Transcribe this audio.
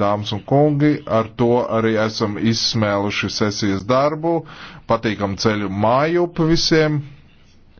Dāmas un kungi, ar to arī esam izsmēluši sesijas darbu. Patīkam ceļu mājup visiem!